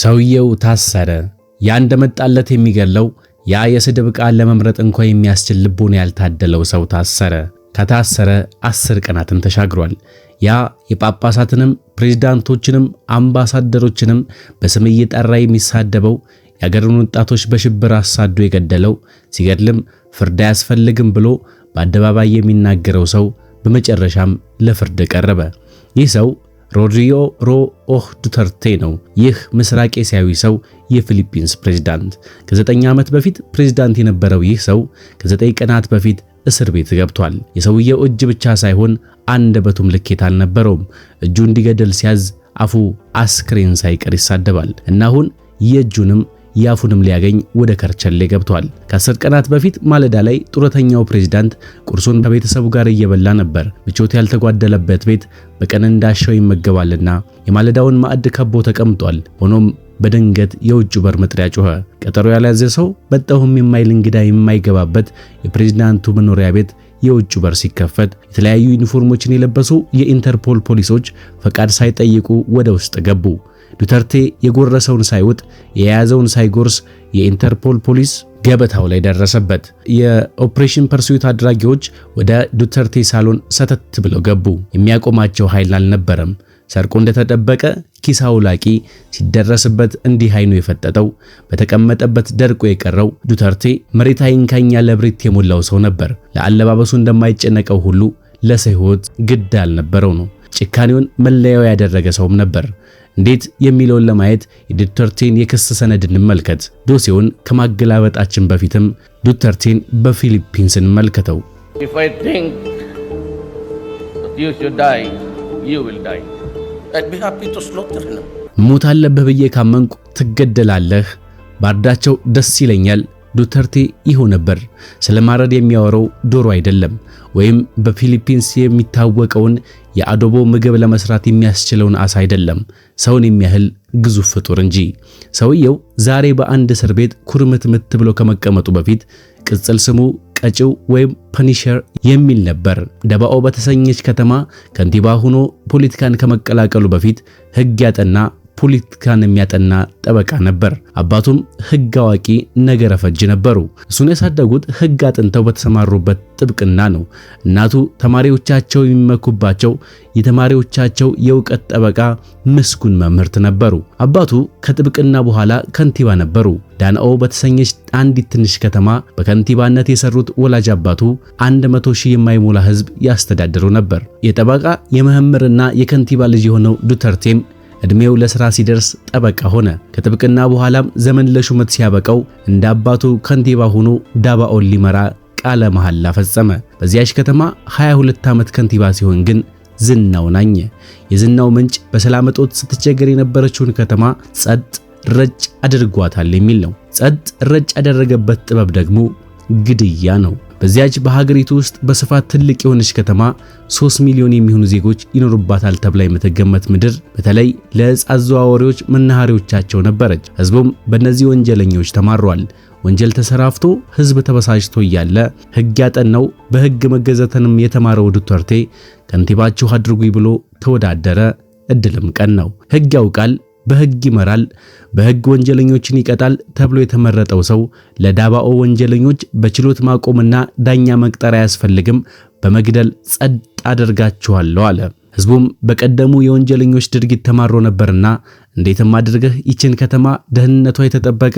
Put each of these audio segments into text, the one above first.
ሰውየው ታሰረ። ያ እንደመጣለት የሚገድለው ያ የስድብ ቃል ለመምረጥ እንኳ የሚያስችል ልቡን ያልታደለው ሰው ታሰረ። ከታሰረ አስር ቀናትን ተሻግሯል። ያ የጳጳሳትንም ፕሬዝዳንቶችንም አምባሳደሮችንም በስም እየጠራ የሚሳደበው የአገሩን ወጣቶች በሽብር አሳዶ የገደለው ሲገድልም ፍርድ አያስፈልግም ብሎ በአደባባይ የሚናገረው ሰው በመጨረሻም ለፍርድ ቀረበ። ይህ ሰው ሮድሪዮ ሮ ኦህ ዱተርቴ ነው። ይህ ምስራቅ ኤስያዊ ሰው የፊሊፒንስ ፕሬዝዳንት ከ9 ዓመት በፊት ፕሬዝዳንት የነበረው ይህ ሰው ከ9 ቀናት በፊት እስር ቤት ገብቷል። የሰውየው እጅ ብቻ ሳይሆን አንደበቱም ልኬት አልነበረውም። እጁ እንዲገደል ሲያዝ አፉ አስክሬን ሳይቀር ይሳደባል እና አሁን የእጁንም ያፉንም ሊያገኝ ወደ ከርቸሌ ገብቷል። ከአስር ቀናት በፊት ማለዳ ላይ ጡረተኛው ፕሬዝዳንት ቁርሱን ከቤተሰቡ ጋር እየበላ ነበር። ምቾት ያልተጓደለበት ቤት በቀን እንዳሻው ይመገባልና የማለዳውን ማዕድ ከቦ ተቀምጧል። ሆኖም በድንገት የውጭ በር መጥሪያ ጮኸ። ቀጠሮ ያልያዘ ሰው መጣሁም የማይል እንግዳ የማይገባበት የፕሬዝዳንቱ መኖሪያ ቤት የውጭ በር ሲከፈት የተለያዩ ዩኒፎርሞችን የለበሱ የኢንተርፖል ፖሊሶች ፈቃድ ሳይጠይቁ ወደ ውስጥ ገቡ። ዱተርቴ የጎረሰውን ሳይውጥ የያዘውን ሳይጎርስ የኢንተርፖል ፖሊስ ገበታው ላይ ደረሰበት። የኦፕሬሽን ፐርሱዊት አድራጊዎች ወደ ዱተርቴ ሳሎን ሰተት ብለው ገቡ። የሚያቆማቸው ኃይል አልነበረም። ሰርቆ እንደተጠበቀ ኪስ አውላቂ ሲደረስበት እንዲህ አይኑ የፈጠጠው በተቀመጠበት ደርቆ የቀረው ዱተርቴ መሬት አይንካኛ ለብሪት የሞላው ሰው ነበር። ለአለባበሱ እንደማይጨነቀው ሁሉ ለሰው ሕይወት ግድ አልነበረው ነው። ጭካኔውን መለያው ያደረገ ሰውም ነበር። እንዴት የሚለውን ለማየት የዱተርቴን የክስ ሰነድ እንመልከት። ዶሴውን ከማገላበጣችን በፊትም ዱተርቴን በፊሊፒንስ እንመልከተው። ሞት አለብህ ብዬ ካመንቁ ትገደላለህ። ባርዳቸው ደስ ይለኛል ዱተርቴ ይኸው ነበር። ስለ ማረድ የሚያወራው ዶሮ አይደለም፣ ወይም በፊሊፒንስ የሚታወቀውን የአዶቦ ምግብ ለመስራት የሚያስችለውን አሳ አይደለም፣ ሰውን የሚያህል ግዙፍ ፍጡር እንጂ። ሰውየው ዛሬ በአንድ እስር ቤት ምት ብሎ ከመቀመጡ በፊት ቅጽል ስሙ ቀጪው ወይም ፐኒሸር የሚል ነበር። ደባኦ በተሰኘች ከተማ ከንቲባ ሆኖ ፖለቲካን ከመቀላቀሉ በፊት ሕግ ያጠና ፖለቲካን የሚያጠና ጠበቃ ነበር። አባቱም ሕግ አዋቂ ነገረ ፈጅ ነበሩ። እሱን ያሳደጉት ሕግ አጥንተው በተሰማሩበት ጥብቅና ነው። እናቱ ተማሪዎቻቸው የሚመኩባቸው የተማሪዎቻቸው የእውቀት ጠበቃ ምስጉን መምህርት ነበሩ። አባቱ ከጥብቅና በኋላ ከንቲባ ነበሩ። ዳናኦ በተሰኘች አንዲት ትንሽ ከተማ በከንቲባነት የሰሩት ወላጅ አባቱ 100 ሺህ የማይሞላ ሕዝብ ያስተዳድሩ ነበር። የጠበቃ የመምህርና የከንቲባ ልጅ የሆነው ዱተርቴም ዕድሜው ለሥራ ሲደርስ ጠበቃ ሆነ። ከጥብቅና በኋላም ዘመን ለሹመት ሲያበቃው እንደ አባቱ ከንቲባ ሆኖ ዳባኦን ሊመራ ቃለ መሐላ ፈጸመ። በዚያች ከተማ 22 ዓመት ከንቲባ ሲሆን ግን ዝናው ናኘ። የዝናው ምንጭ በሰላም እጦት ስትቸገር የነበረችውን ከተማ ጸጥ ረጭ አድርጓታል የሚል ነው። ጸጥ ረጭ ያደረገበት ጥበብ ደግሞ ግድያ ነው። በዚያች በሀገሪቱ ውስጥ በስፋት ትልቅ የሆነች ከተማ 3 ሚሊዮን የሚሆኑ ዜጎች ይኖሩባታል ተብላ የምትገመት ምድር በተለይ ለዕፅ አዘዋዋሪዎች መናኸሪዎቻቸው ነበረች። ህዝቡም በእነዚህ ወንጀለኞች ተማሯል። ወንጀል ተሰራፍቶ ህዝብ ተበሳጭቶ እያለ ህግ ያጠናው በህግ መገዛትንም የተማረው ዱተርቴ ከንቲባችሁ አድርጉኝ ብሎ ተወዳደረ። እድልም ቀን ነው። ህግ ያውቃል በሕግ ይመራል፣ በሕግ ወንጀለኞችን ይቀጣል ተብሎ የተመረጠው ሰው ለዳባኦ ወንጀለኞች በችሎት ማቆምና ዳኛ መቅጠር አያስፈልግም፣ በመግደል ጸጥ አደርጋችኋለሁ አለ። ሕዝቡም በቀደሙ የወንጀለኞች ድርጊት ተማሮ ነበርና እንዴትም አድርገህ ይችን ከተማ ደህንነቷ የተጠበቀ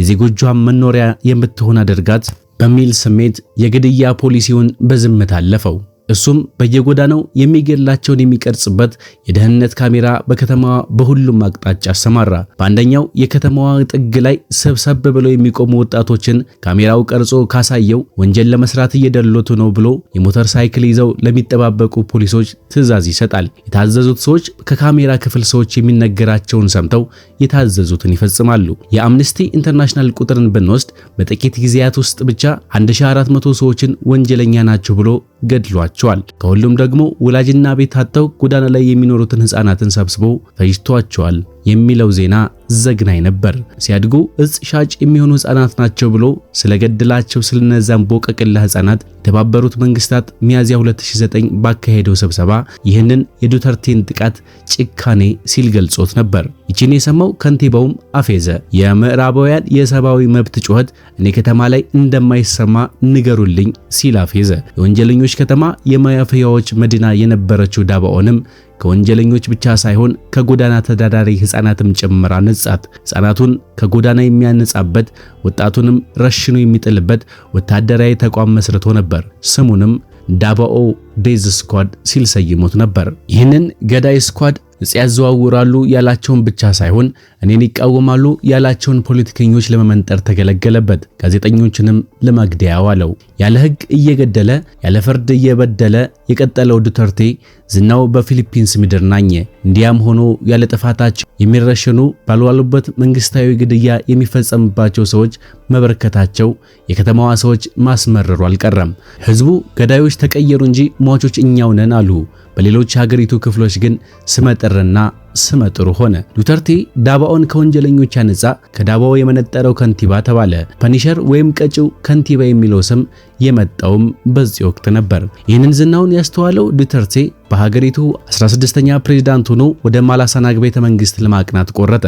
የዜጎቿን መኖሪያ የምትሆን አድርጋት በሚል ስሜት የግድያ ፖሊሲውን በዝምታ አለፈው። እሱም በየጎዳናው የሚገድላቸውን የሚቀርጽበት የደህንነት ካሜራ በከተማዋ በሁሉም አቅጣጫ አሰማራ። በአንደኛው የከተማዋ ጥግ ላይ ሰብሰብ ብለው የሚቆሙ ወጣቶችን ካሜራው ቀርጾ ካሳየው ወንጀል ለመስራት እየደለቱ ነው ብሎ የሞተር ሳይክል ይዘው ለሚጠባበቁ ፖሊሶች ትዕዛዝ ይሰጣል። የታዘዙት ሰዎች ከካሜራ ክፍል ሰዎች የሚነገራቸውን ሰምተው የታዘዙትን ይፈጽማሉ። የአምነስቲ ኢንተርናሽናል ቁጥርን ብንወስድ በጥቂት ጊዜያት ውስጥ ብቻ 1400 ሰዎችን ወንጀለኛ ናቸው ብሎ ገድሏቸው ፈጅቷቸዋል። ከሁሉም ደግሞ ወላጅና ቤት አጥተው ጎዳና ላይ የሚኖሩትን ሕፃናትን ሰብስቦ ፈጅቷቸዋል የሚለው ዜና ዘግናኝ ነበር። ሲያድጉ እጽ ሻጭ የሚሆኑ ህፃናት ናቸው ብሎ ስለገድላቸው ስለነዛን ቦቀቅላ ህፃናት የተባበሩት መንግስታት ሚያዝያ 2009 ባካሄደው ስብሰባ ይህንን የዱተርቴን ጥቃት ጭካኔ ሲል ገልጾት ነበር። ይችን የሰማው ከንቲባውም አፌዘ። የምዕራባውያን የሰብአዊ መብት ጩኸት እኔ ከተማ ላይ እንደማይሰማ ንገሩልኝ ሲል አፌዘ። የወንጀለኞች ከተማ የማያፈያዎች መዲና የነበረችው ዳባኦንም ከወንጀለኞች ብቻ ሳይሆን ከጎዳና ተዳዳሪ ሕፃናትም ጭምር አነጻት። ሕፃናቱን ከጎዳና የሚያነጻበት ወጣቱንም ረሽኖ የሚጥልበት ወታደራዊ ተቋም መስርቶ ነበር። ስሙንም ዳባኦ ዴዝ ስኳድ ሲል ሰይሞት ነበር። ይህንን ገዳይ ስኳድ እጽ ያዘዋውራሉ ያላቸውን ብቻ ሳይሆን እኔን ይቃወማሉ ያላቸውን ፖለቲከኞች ለመመንጠር ተገለገለበት። ጋዜጠኞችንም ለማግደያ ዋለው። ያለ ሕግ እየገደለ ያለ ፍርድ እየበደለ የቀጠለው ዱተርቴ ዝናው በፊሊፒንስ ምድር ናኘ። እንዲያም ሆኖ ያለ ጥፋታቸው የሚረሸኑ ባልዋሉበት መንግስታዊ ግድያ የሚፈጸምባቸው ሰዎች መበረከታቸው የከተማዋ ሰዎች ማስመረሩ አልቀረም። ሕዝቡ ገዳዮች ተቀየሩ እንጂ ሟቾች እኛው ነን አሉ። በሌሎች ሀገሪቱ ክፍሎች ግን ስመጥርና ስመጥሩ ሆነ። ዱተርቴ ዳባኦን ከወንጀለኞች ያነጻ፣ ከዳባኦ የመነጠረው ከንቲባ ተባለ። ፐኒሸር ወይም ቀጪው ከንቲባ የሚለው ስም የመጣውም በዚህ ወቅት ነበር። ይህንን ዝናውን ያስተዋለው ዱተርቴ በሀገሪቱ 16ኛ ፕሬዝዳንት ሆኖ ወደ ማላሳናግ ቤተ መንግስት ለማቅናት ቆረጠ።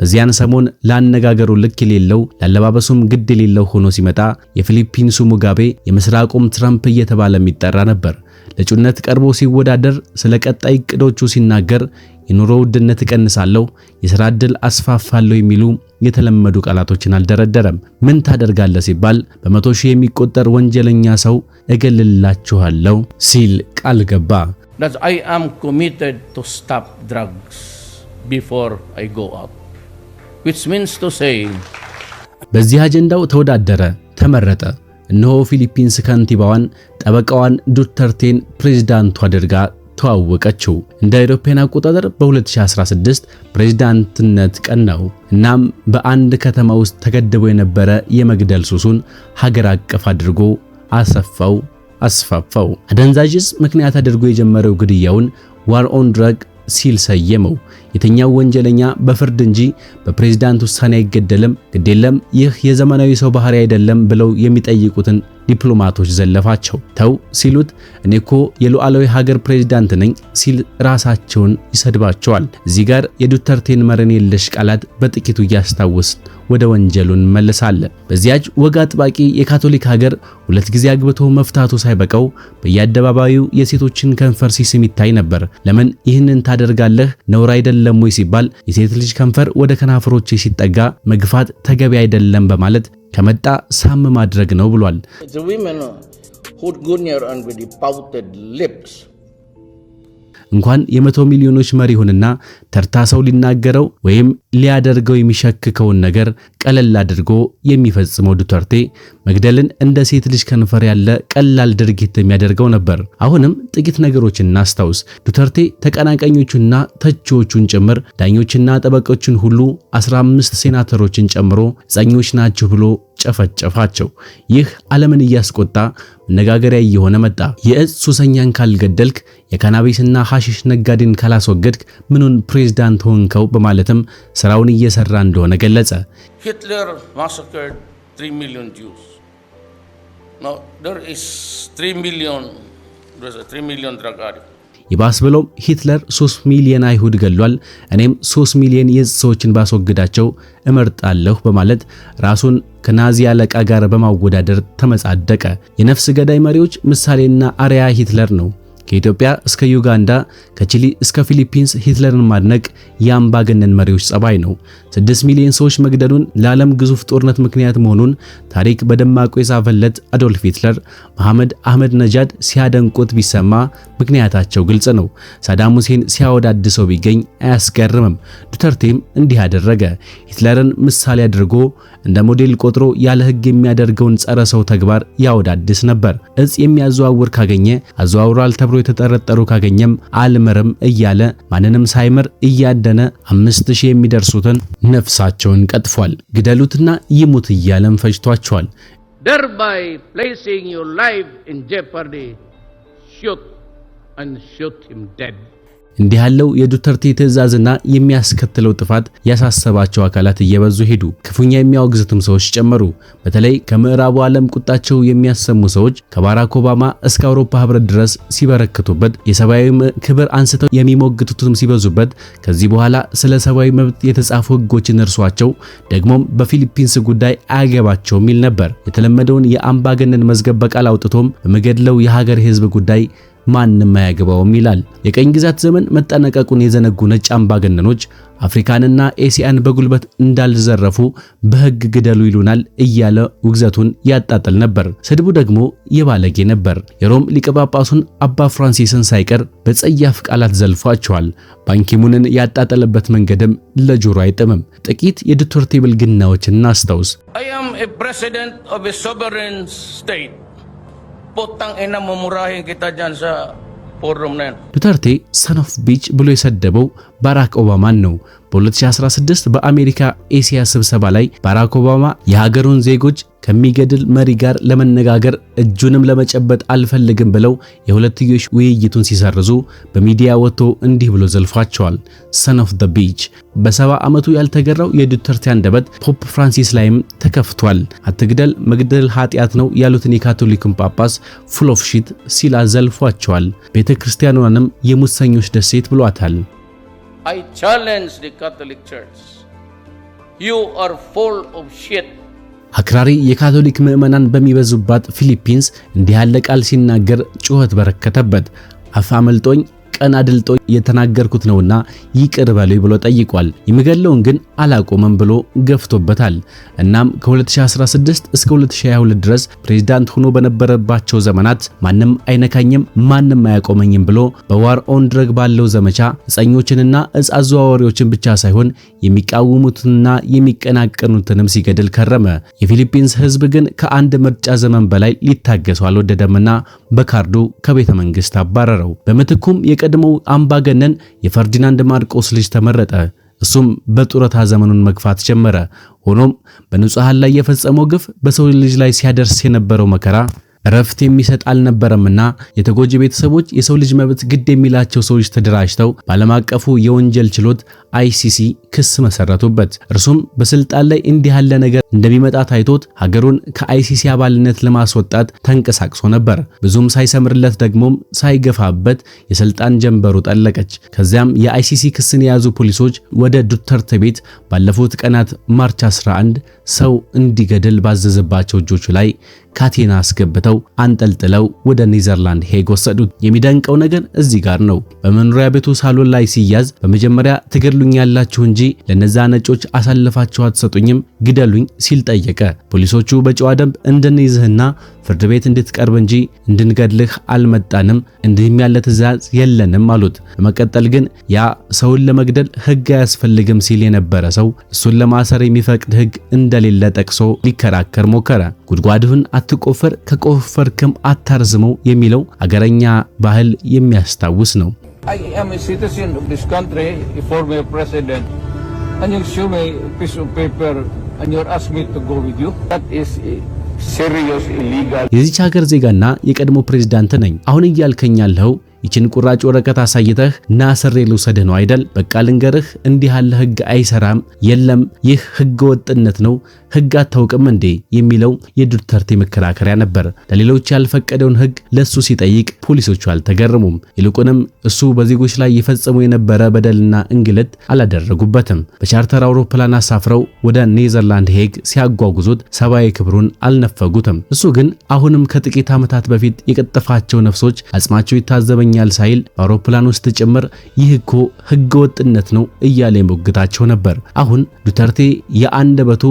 በዚያን ሰሞን ለአነጋገሩ ልክ የሌለው ላለባበሱም ግድ የሌለው ሆኖ ሲመጣ የፊሊፒንሱ ሙጋቤ የምስራቁም ትራምፕ እየተባለ የሚጠራ ነበር። ለእጩነት ቀርቦ ሲወዳደር ስለ ቀጣይ እቅዶቹ ሲናገር የኑሮ ውድነት እቀንሳለሁ፣ የሥራ ዕድል አስፋፋለሁ የሚሉ የተለመዱ ቃላቶችን አልደረደረም። ምን ታደርጋለህ ሲባል በመቶ ሺህ የሚቆጠር ወንጀለኛ ሰው እገልላችኋለሁ ሲል ቃል ገባ። I am committed በዚህ አጀንዳው ተወዳደረ፣ ተመረጠ። እነሆ ፊሊፒንስ ከንቲባዋን ጠበቃዋን ዱተርቴን ፕሬዝዳንቱ አድርጋ ተዋወቀችው። እንደ አውሮፓውያን አቆጣጠር በ2016 ፕሬዝዳንትነት ቀናው። እናም በአንድ ከተማ ውስጥ ተገድቦ የነበረ የመግደል ሱሱን ሀገር አቀፍ አድርጎ አሰፋው፣ አስፋፋው። አደንዛዥ ዕፅ ምክንያት አድርጎ የጀመረው ግድያውን ዋር ኦን ድረግ ሲል ሰየመው። የተኛው ወንጀለኛ በፍርድ እንጂ በፕሬዝዳንት ውሳኔ አይገደልም። ግዴለም ይህ የዘመናዊ ሰው ባህሪ አይደለም ብለው የሚጠይቁትን ዲፕሎማቶች ዘለፋቸው። ተው ሲሉት እኔኮ የሉዓላዊ ሀገር ፕሬዝዳንት ነኝ ሲል ራሳቸውን ይሰድባቸዋል። እዚህ ጋር የዱተርቴን መረን የለሽ ቃላት በጥቂቱ እያስታወስ ወደ ወንጀሉ እንመለሳለን። በዚያች ወግ አጥባቂ የካቶሊክ ሀገር ሁለት ጊዜ አግብቶ መፍታቱ ሳይበቃው በየአደባባዩ የሴቶችን ከንፈር ሲስም ይታይ ነበር። ለምን ይህንን ታደርጋለህ? ነውር አይደለም የለም ወይ ሲባል የሴት ልጅ ከንፈር ወደ ከናፈሮቼ ሲጠጋ መግፋት ተገቢ አይደለም በማለት ከመጣ ሳም ማድረግ ነው ብሏል። እንኳን የመቶ ሚሊዮኖች መሪ ይሁንና ተርታ ሰው ሊናገረው ወይም ሊያደርገው የሚሸክከውን ነገር ቀለል አድርጎ የሚፈጽመው ዱተርቴ መግደልን እንደ ሴት ልጅ ከንፈር ያለ ቀላል ድርጊት የሚያደርገው ነበር። አሁንም ጥቂት ነገሮችን እናስታውስ። ዱተርቴ ተቀናቃኞቹና ተቺዎቹን ጭምር ዳኞችና ጠበቆችን ሁሉ 15 ሴናተሮችን ጨምሮ ጸኞች ናችሁ ብሎ ጨፈጨፋቸው። ይህ ዓለምን እያስቆጣ መነጋገሪያ እየሆነ መጣ። የእጽ ሱሰኛን ካልገደልክ፣ የካናቢስና ሐሽሽ ነጋዴን ካላስወገድክ ምኑን ፕሬዝዳንት ሆንከው በማለትም ሥራውን እየሠራ እንደሆነ ገለጸ። ሂትለር 3 ሚሊዮን ጁስ ይባስ ብሎም ሂትለር 3 ሚሊዮን አይሁድ ገሏል፣ እኔም 3 ሚሊዮን የዕፅ ሰዎችን ባስወግዳቸው እመርጣለሁ በማለት ራሱን ከናዚ አለቃ ጋር በማወዳደር ተመጻደቀ። የነፍስ ገዳይ መሪዎች ምሳሌና አርያ ሂትለር ነው። ከኢትዮጵያ እስከ ዩጋንዳ፣ ከቺሊ እስከ ፊሊፒንስ ሂትለርን ማድነቅ የአምባገነን መሪዎች ጸባይ ነው። 6 ሚሊዮን ሰዎች መግደሉን፣ ለዓለም ግዙፍ ጦርነት ምክንያት መሆኑን ታሪክ በደማቁ የጻፈለት አዶልፍ ሂትለር መሐመድ አህመድ ነጃድ ሲያደንቁት ቢሰማ ምክንያታቸው ግልጽ ነው። ሳዳም ሁሴን ሲያወዳድሰው ቢገኝ አያስገርምም። ዱተርቴም እንዲህ አደረገ። ሂትለርን ምሳሌ አድርጎ እንደ ሞዴል ቆጥሮ ያለ ሕግ የሚያደርገውን ጸረ ሰው ተግባር ያወዳድስ ነበር። እጽ የሚያዘዋውር ካገኘ አዘዋውራል ተብሎ አብሮ የተጠረጠሩ ካገኘም አልምርም እያለ ማንንም ሳይምር እያደነ አምስት ሺህ የሚደርሱትን ነፍሳቸውን ቀጥፏል። ግደሉትና ይሙት እያለም ፈጅቷቸዋል። thereby placing your life in jeopardy shoot and shoot him dead እንዲህ ያለው የዱተርቴ ትዕዛዝና የሚያስከትለው ጥፋት ያሳሰባቸው አካላት እየበዙ ሄዱ። ክፉኛ የሚያወግዙትም ሰዎች ጨመሩ። በተለይ ከምዕራቡ ዓለም ቁጣቸው የሚያሰሙ ሰዎች ከባራክ ኦባማ እስከ አውሮፓ ሕብረት ድረስ ሲበረክቱበት፣ የሰብአዊ ክብር አንስተው የሚሞግቱትም ሲበዙበት፣ ከዚህ በኋላ ስለ ሰብአዊ መብት የተጻፉ ሕጎችን እርሷቸው ደግሞም በፊሊፒንስ ጉዳይ አያገባቸው የሚል ነበር። የተለመደውን የአምባገነን መዝገብ በቃል አውጥቶም በመገድለው የሀገር ሕዝብ ጉዳይ ማንም አያገባውም ይላል። የቀኝ ግዛት ዘመን መጠናቀቁን የዘነጉ ነጭ አምባገነኖች አፍሪካንና ኤሲያን በጉልበት እንዳልዘረፉ በሕግ ግደሉ ይሉናል እያለ ውግዘቱን ያጣጥል ነበር። ስድቡ ደግሞ የባለጌ ነበር። የሮም ሊቀጳጳሱን አባ ፍራንሲስን ሳይቀር በጸያፍ ቃላት ዘልፏቸዋል። ባንኪሙንን ያጣጠለበት መንገድም ለጆሮ አይጥምም። ጥቂት አ ብልግናዎችን እናስታውስ። putang ina mumurahin kita dyan sa forum na yan. Duterte, son of bitch ብሎ የሰደበው ባራክ Obama ነው። በ2016 በአሜሪካ ኤሲያ ስብሰባ ላይ ባራክ ኦባማ የሀገሩን ዜጎች ከሚገድል መሪ ጋር ለመነጋገር እጁንም ለመጨበጥ አልፈልግም ብለው የሁለትዮሽ ውይይቱን ሲሰርዙ በሚዲያ ወጥቶ እንዲህ ብሎ ዘልፏቸዋል። ሰን ኦፍ ዘ ቢች። በሰባ ዓመቱ ያልተገራው የዱተርቴ አንደበት ፖፕ ፍራንሲስ ላይም ተከፍቷል። አትግደል፣ መግደል ኃጢአት ነው ያሉትን የካቶሊክን ጳጳስ ፉል ኦፍ ሺት ሲላ ዘልፏቸዋል። ቤተ ክርስቲያኗንም የሙሰኞች ደሴት ብሏታል። I challenge the Catholic Church. You are full of shit. አክራሪ የካቶሊክ ምዕመናን በሚበዙባት ፊሊፒንስ እንዲህ ያለ ቃል ሲናገር ጩኸት በረከተበት። አፋ መልጦኝ ቀን አድልጦ የተናገርኩት ነውና ይቅር በሉኝ ብሎ ጠይቋል። የሚገለውን ግን አላቆመም ብሎ ገፍቶበታል። እናም ከ2016 እስከ 2022 ድረስ ፕሬዝዳንት ሆኖ በነበረባቸው ዘመናት ማንም አይነካኝም፣ ማንም አያቆመኝም ብሎ በዋር ኦን ድረግ ባለው ዘመቻ እፀኞችንና እጽ አዘዋዋሪዎችን ብቻ ሳይሆን የሚቃወሙትንና የሚቀናቀኑትንም ሲገድል ከረመ። የፊሊፒንስ ሕዝብ ግን ከአንድ ምርጫ ዘመን በላይ ሊታገሱ አልወደደምና በካርዶ ከቤተ መንግሥት አባረረው። በምትኩም የቀድሞው አምባገነን የፈርዲናንድ ማርቆስ ልጅ ተመረጠ። እሱም በጡረታ ዘመኑን መግፋት ጀመረ። ሆኖም በንጹሐን ላይ የፈጸመው ግፍ፣ በሰው ልጅ ላይ ሲያደርስ የነበረው መከራ እረፍት የሚሰጥ አልነበረምና የተጎጂ ቤተሰቦች የሰው ልጅ መብት ግድ የሚላቸው ሰዎች ተደራጅተው በዓለም አቀፉ የወንጀል ችሎት አይሲሲ ክስ መሰረቱበት። እርሱም በስልጣን ላይ እንዲህ ያለ ነገር እንደሚመጣ ታይቶት ሀገሩን ከአይሲሲ አባልነት ለማስወጣት ተንቀሳቅሶ ነበር። ብዙም ሳይሰምርለት ደግሞም ሳይገፋበት የስልጣን ጀንበሩ ጠለቀች። ከዚያም የአይሲሲ ክስን የያዙ ፖሊሶች ወደ ዱተርተ ቤት ባለፉት ቀናት ማርች 11 ሰው እንዲገድል ባዘዘባቸው እጆቹ ላይ ካቴና አስገብተው አንጠልጥለው ወደ ኔዘርላንድ ሄግ ወሰዱት። የሚደንቀው ነገር እዚህ ጋር ነው። በመኖሪያ ቤቱ ሳሎን ላይ ሲያዝ በመጀመሪያ ትገድሉኛላችሁ እንጂ ለነዛ ነጮች አሳልፋችሁ አትሰጡኝም፣ ግደሉኝ ሲል ጠየቀ። ፖሊሶቹ በጨዋ ደንብ እንደነይዝህና ። ፍርድ ቤት እንድትቀርብ እንጂ እንድንገድልህ አልመጣንም፣ እንዲህም ያለ ትእዛዝ የለንም አሉት። በመቀጠል ግን ያ ሰውን ለመግደል ሕግ አያስፈልግም ሲል የነበረ ሰው እሱን ለማሰር የሚፈቅድ ሕግ እንደሌለ ጠቅሶ ሊከራከር ሞከረ። ጉድጓድህን አትቆፈር፣ ከቆፈርክም አታርዝመው የሚለው አገረኛ ባህል የሚያስታውስ ነው። የዚች ሀገር ዜጋና የቀድሞ ፕሬዝዳንት ነኝ። አሁን እያልከኝ ያለው ይችን ቁራጭ ወረቀት አሳይተህ ና ስሬ ልውሰድህ ነው አይደል? በቃ ልንገርህ፣ እንዲህ ያለ ህግ አይሰራም። የለም፣ ይህ ህገ ወጥነት ነው። ህግ አታውቅም እንዴ የሚለው የዱተርቴ መከራከሪያ ነበር። ለሌሎች ያልፈቀደውን ህግ ለሱ ሲጠይቅ ፖሊሶቹ አልተገረሙም። ይልቁንም እሱ በዜጎች ላይ የፈጸሙ የነበረ በደልና እንግልት አላደረጉበትም። በቻርተር አውሮፕላን አሳፍረው ወደ ኔዘርላንድ ሄግ ሲያጓጉዙት ሰብአዊ ክብሩን አልነፈጉትም። እሱ ግን አሁንም ከጥቂት ዓመታት በፊት የቀጠፋቸው ነፍሶች አጽማቸው ይታዘበኛል ሳይል በአውሮፕላን ውስጥ ጭምር ይህ እኮ ህገ ወጥነት ነው እያለ የሞግታቸው ነበር። አሁን ዱተርቴ የአንደበቱ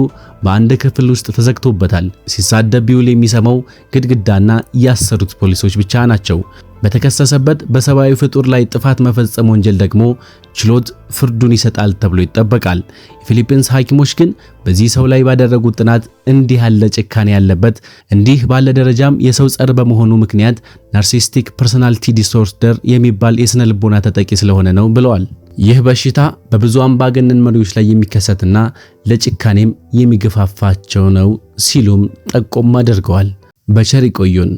በአንድ ክፍል ውስጥ ተዘግቶበታል። ሲሳደብ ቢውል የሚሰማው ግድግዳና ያሰሩት ፖሊሶች ብቻ ናቸው። በተከሰሰበት በሰብአዊ ፍጡር ላይ ጥፋት መፈጸም ወንጀል ደግሞ ችሎት ፍርዱን ይሰጣል ተብሎ ይጠበቃል። የፊሊፒንስ ሐኪሞች ግን በዚህ ሰው ላይ ባደረጉት ጥናት እንዲህ ያለ ጭካኔ ያለበት እንዲህ ባለ ደረጃም የሰው ጸር በመሆኑ ምክንያት ናርሲስቲክ ፐርሰናሊቲ ዲስኦርደር የሚባል የስነ ልቦና ተጠቂ ስለሆነ ነው ብለዋል። ይህ በሽታ በብዙ አምባገነን መሪዎች ላይ የሚከሰትና ለጭካኔም የሚገፋፋቸው ነው ሲሉም ጠቆም አድርገዋል። በቸር ይቆዩን።